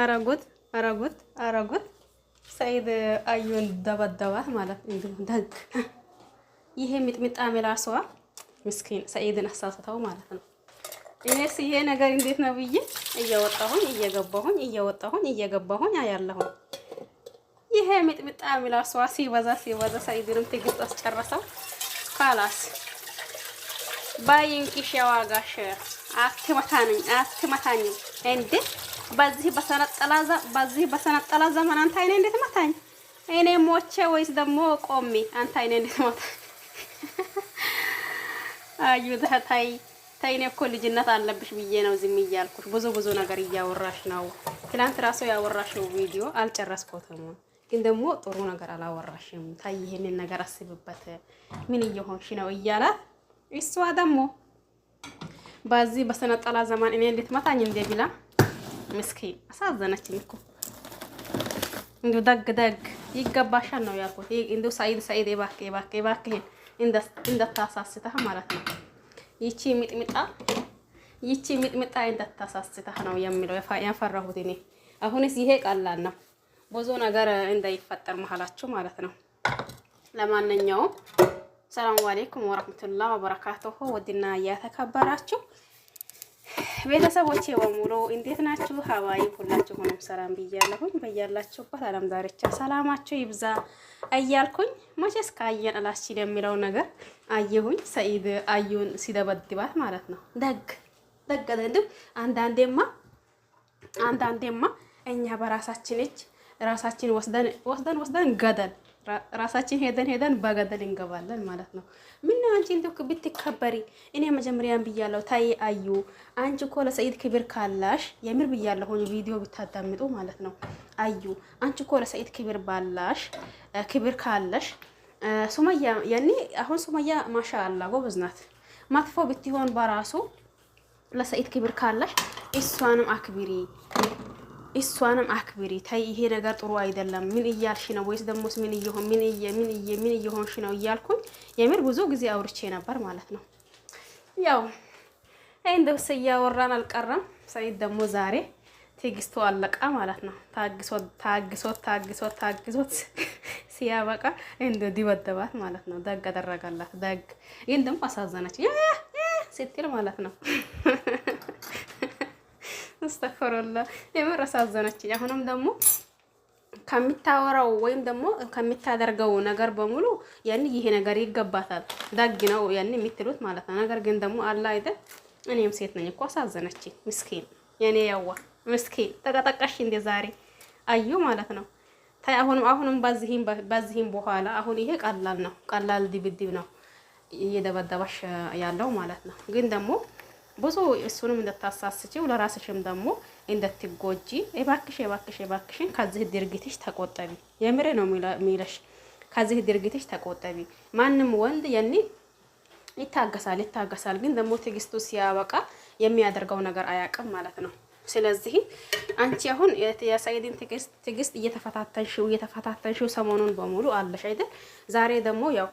አረጉት አረጉት አረጉት። ሰኢድ አዩን ደበደባት ማለት እንግዲህ ደግ ይሄ ሚጥሚጣ ምላሷ ምስኪን ሰኢድን አሳስተው ማለት ነው። እኔስ ይሄ ነገር እንዴት ነው ብዬ እየወጣሁኝ እየገባሁኝ እየወጣሁኝ እየገባሁኝ አያለሁኝ። ይሄ ሚጥሚጣ ምላሷ ሲበዛ ሲበዛ ሰኢድንም ትግስት አስጨረሰው። ካላስ ባይንቂሽ ያዋጋሽ አትመታኝ አትመታኝም እንዴ በዚህ በሰነጠላዛ በዚህ በሰነጠላ ዘመን አንተ አይኔ እንዴት መታኝ? እኔ ሞቼ ወይስ ደግሞ ቆሜ አንተ አይኔ እንዴት መታኝ? አዩ ተታይ ታይኔ እኮ ልጅነት አለብሽ ብዬ ነው ዝም እያልኩሽ። ብዙ ብዙ ነገር እያወራሽ ነው። ትናንት ራሱ ያወራሽው ቪዲዮ አልጨረስኩትም፣ ግን ደግሞ ጥሩ ነገር አላወራሽም። ታይ ይሄንን ነገር አስብበት፣ ምን እየሆንሽ ነው እያላት እሷ ደግሞ በዚህ በሰነጠላ ዘመን እኔ እንዴት መታኝ እንዴ ቢላ ምስኪን አሳዘነችኝ እኮ እንዲሁ ደግ ደግ ይገባሻል ነው ያልኩት። እንዲሁ ሰኢድ ሰኢድ እባክህ እባክህ እባክህን እንደታሳስተህ ማለት ነው። ይቺ ሚጥሚጣ ይቺ ሚጥሚጣ እንደታሳስተህ ነው የሚለው ያፈራሁት እኔ። አሁንስ ይሄ ቀላል ነው። ብዙ ነገር እንዳይፈጠር መሀላችሁ ማለት ነው። ለማንኛውም ሰላም አለይኩም ወራህመቱላህ ወበረካቱሁ ወዲና እያተከበራችሁ ቤተሰቦቼ በሙሉ እንዴት ናችሁ? ሀዋይ ሁላችሁንም ሰላም ብያለሁኝ። በያላችሁበት አለም ዳርቻ ሰላማችሁ ይብዛ እያልኩኝ መቼስ ካየን እላስችል የሚለው ነገር አየሁኝ። ሰኢድ አዩን ሲደበድባት ማለት ነው። ደግ ደግ ደንድም አንዳንዴማ አንዳንዴማ እኛ በራሳችን እጅ ራሳችን ወስደን ወስደን ወስደን ገደል ራሳችን ሄደን ሄደን በገደል እንገባለን ማለት ነው። ምነው አንቺ እንዲሁ ብትከበሪ። እኔ መጀመሪያን ብያለሁ። ታይ አዩ አንቺ እኮ ለሰኢድ ክብር ካላሽ የምር ብያለሁ። ቪዲዮ ብታዳምጡ ማለት ነው። አዩ አንቺ እኮ ለሰኢድ ክብር ባላሽ ክብር ካለሽ ሱመያ ያኔ አሁን ሱመያ ማሻ አላ ጎበዝ ናት። መጥፎ ብትሆን በራሱ ለሰኢድ ክብር ካላሽ እሷንም አክብሪ እሷንም አክብሪ ታይ፣ ይሄ ነገር ጥሩ አይደለም። ምን እያልሽ ነው? ወይስ ደሞስ ምን እየሆን ምን እየ ምን እየ ምን እየሆንሽ ነው እያልኩኝ የምር ብዙ ጊዜ አውርቼ ነበር ማለት ነው። ያው አይ እንደው እያወራን አልቀረም። ሰይድ ደግሞ ዛሬ ትዕግስቱ አለቃ ማለት ነው። ታግሶት ታግሶት ታግሶት ታግሶት ሲያበቃ እንደ ዲወደባት ማለት ነው። ደግ አደረጋላት። ደግ ይህን ደግሞ አሳዘነች ስትል ማለት ነው። አስተፈረላ የምር አሳዘነችኝ። አሁንም ደግሞ ከሚታወራው ወይም ደግሞ ከሚታደርገው ነገር በሙሉ ያን ይሄ ነገር ይገባታል ዳጊ ነው ያን የሚትሉት ማለት ነው። ነገር ግን ደግሞ አላ አይደል እኔም ሴት ነኝ እኮ አሳዘነችኝ። ምስኪን የኔ ያዋ ምስኪን ተቀጠቀሽ እንደ ዛሬ አዩ ማለት ነው። ታይ አሁንም አሁንም በዚህም በኋላ አሁን ይሄ ቀላል ነው፣ ቀላል ድብድብ ነው እየደበደበሽ ያለው ማለት ነው። ግን ደግሞ ብዙ እሱንም እንደታሳስችው ለራስሽም ደግሞ እንደትጎጂ እባክሽ እባክሽ እባክሽን ከዚህ ድርጊትሽ ተቆጠቢ። የምር ነው ሚለሽ፣ ከዚህ ድርጊትሽ ተቆጠቢ። ማንም ወንድ የኔ ይታገሳል ይታገሳል፣ ግን ደግሞ ትግስቱ ሲያበቃ የሚያደርገው ነገር አያውቅም ማለት ነው። ስለዚህ አንቺ አሁን የሰኢድን ትግስት እየተፈታተንሽው እየተፈታተንሽው ሰሞኑን በሙሉ አለሽ አይደል? ዛሬ ደግሞ ያው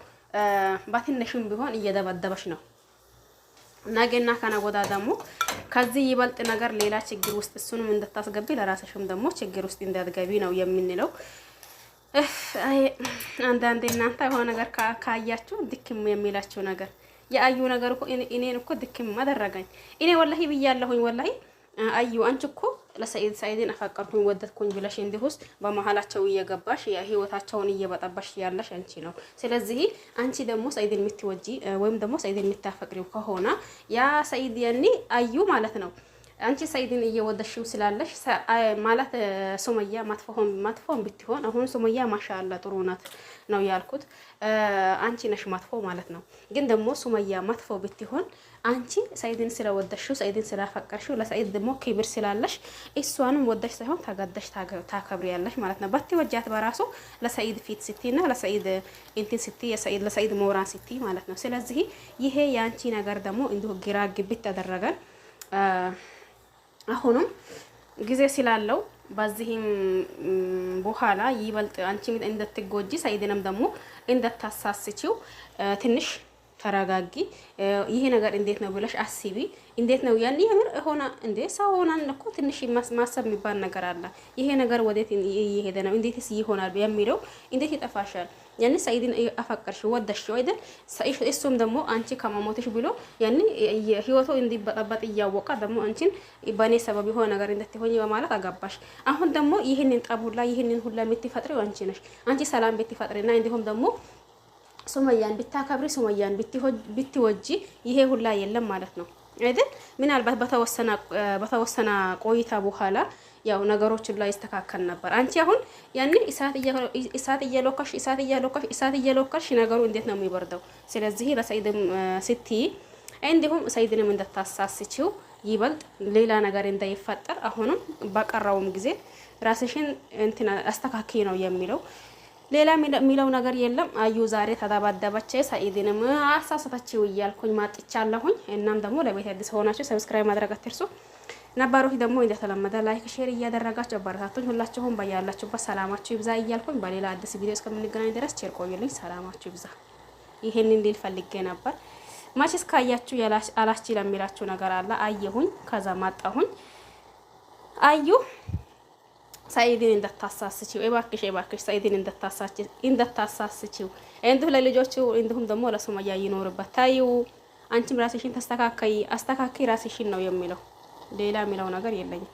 በትንሽም ቢሆን እየደበደበሽ ነው ነገና ከነጎዳ ደግሞ ከዚህ ይበልጥ ነገር ሌላ ችግር ውስጥ እሱንም እንድታስገቢ ለራስሽም ደግሞ ችግር ውስጥ እንዳትገቢ ነው የምንለው። አንዳንዴ እናንተ የሆነ ነገር ካያችሁ ድክም የሚላችሁ ነገር የአዩ ነገር እኮ እኔን እኮ ድክም አደረገኝ። እኔ ወላሂ ብያለሁኝ። ወላሂ አዩ አንቺ እኮ ለሰኢድ ሰኢድን አፈቀርኩኝ ወደድኩኝ ብለሽ እንዲሁስ ውስጥ በመሀላቸው እየገባሽ ህይወታቸውን እየበጠበሽ ያለሽ አንቺ ነው። ስለዚህ አንቺ ደግሞ ሰኢድን የምትወጂ ወይም ደግሞ ሰኢድን የምታፈቅሪው ከሆነ ያ ሰኢድ ያኒ አዩ ማለት ነው። አንቺ ሰኢድን እየወደድሽው ስላለሽ ማለት ሱመያ መጥፎም መጥፎም ብትሆን አሁን ሱመያ ማሻአላ ጥሩ ናት ነው ያልኩት። አንቺ ነሽ መጥፎ ማለት ነው። ግን ደግሞ ሱመያ መጥፎ ብትሆን አንቺ ሰኢድን ስለወደሽው ሰኢድን ስላፈቀርሽው ለሰኢድ ደግሞ ክብር ስላለሽ እሷንም ወደሽ ሳይሆን ተገደሽ ያለሽ ማለት ነው። ባቲ ወጃት በራሱ ለሰኢድ ፊት ስቲ ና ለሰኢድ እንትን ስቲ ለሰኢድ ሞራን ስቲ ማለት ነው። ስለዚህ ይሄ የአንቺ ነገር ደግሞ እንዲሁ ግራ ግብት ተደረገን። አሁንም ጊዜ ስላለው በዚህም በኋላ ይበልጥ አንቺ እንደትጎጂ ሰኢድንም ደግሞ እንደታሳስችው ትንሽ ተረጋጊ፣ ይሄ ነገር እንዴት ነው ብለሽ አስቢ። እንዴት ነው ያን የምር ሆና እንዴ ሰው ሆናን እኮ ትንሽ ማሰብ የሚባል ነገር አለ። ይሄ ነገር ወዴት እየሄደ ነው? እንዴትስ ይሆናል የሚለው እንዴት ይጠፋሻል? ያኔ ሰኢድን አፈቀርሽ ወደሽው አይደል? እሱም ደግሞ አንቺ ከመሞትሽ ብሎ ያኔ ህይወቱ እንዲበጠበጥ እያወቀ ደግሞ አንቺን በእኔ ሰበብ የሆነ ነገር እንድትሆኝ በማለት አጋባሽ። አሁን ደግሞ ይህንን ጠቡላ ይህንን ሁላ የምትፈጥሪው አንቺ ነሽ። አንቺ ሰላም ቤት እንዲሁም ደግሞ ሱመያን ብታከብሪ ሱመያን ብትወጂ ይሄ ሁላ የለም ማለት ነው አይደል? ምናልባት በተወሰነ ቆይታ በኋላ ያው ነገሮችን ላይ ይስተካከል ነበር። አንቺ አሁን ያንን እሳት እየሎከሽ እሳት እየሎከሽ እሳት እየሎከሽ ነገሩ እንዴት ነው የሚበርደው? ስለዚህ ለሰይድም ስትይ እንዲሁም ሰይድንም እንደታሳስችው ይበልጥ ሌላ ነገር እንዳይፈጠር አሁንም በቀረውም ጊዜ ራስሽን እንትን አስተካክይ ነው የሚለው ሌላ የሚለው ነገር የለም። አዩ ዛሬ ተደባደበች፣ ሰኢድንም አሳሰተችው እያልኩኝ ማጥቻለሁኝ። እናም ደግሞ ለቤት አዲስ ሆናችሁ ሰብስክራይብ ማድረግ አትርሱ። ነባሮች ደግሞ እንደተለመደ ላይክ፣ ሼር እያደረጋችሁ አበረታቱኝ። ሁላችሁም በያላችሁበት ሰላማችሁ ይብዛ እያልኩኝ በሌላ አዲስ ቪዲዮ እስከምንገናኝ ድረስ ቼር ቆዩልኝ። ሰላማችሁ ይብዛ። ይሄንን ሊል ፈልጌ ነበር። ማችስ ካያችሁ አላስችል የሚላችሁ ነገር አለ። አየሁኝ፣ ከዛ ማጣሁኝ አዩ ሳይድን እንደታሳስችው እባክሽ እባክሽ ሰኢድን እንደታሳስችው እንዲሁ ለልጆቹ እንዲሁም ደግሞ ለሱመያ ይኖርበት ታይው አንቺም ራስሽን ተስተካከይ አስተካከይ ራስሽን ነው የሚለው ሌላ የሚለው ነገር የለኝም።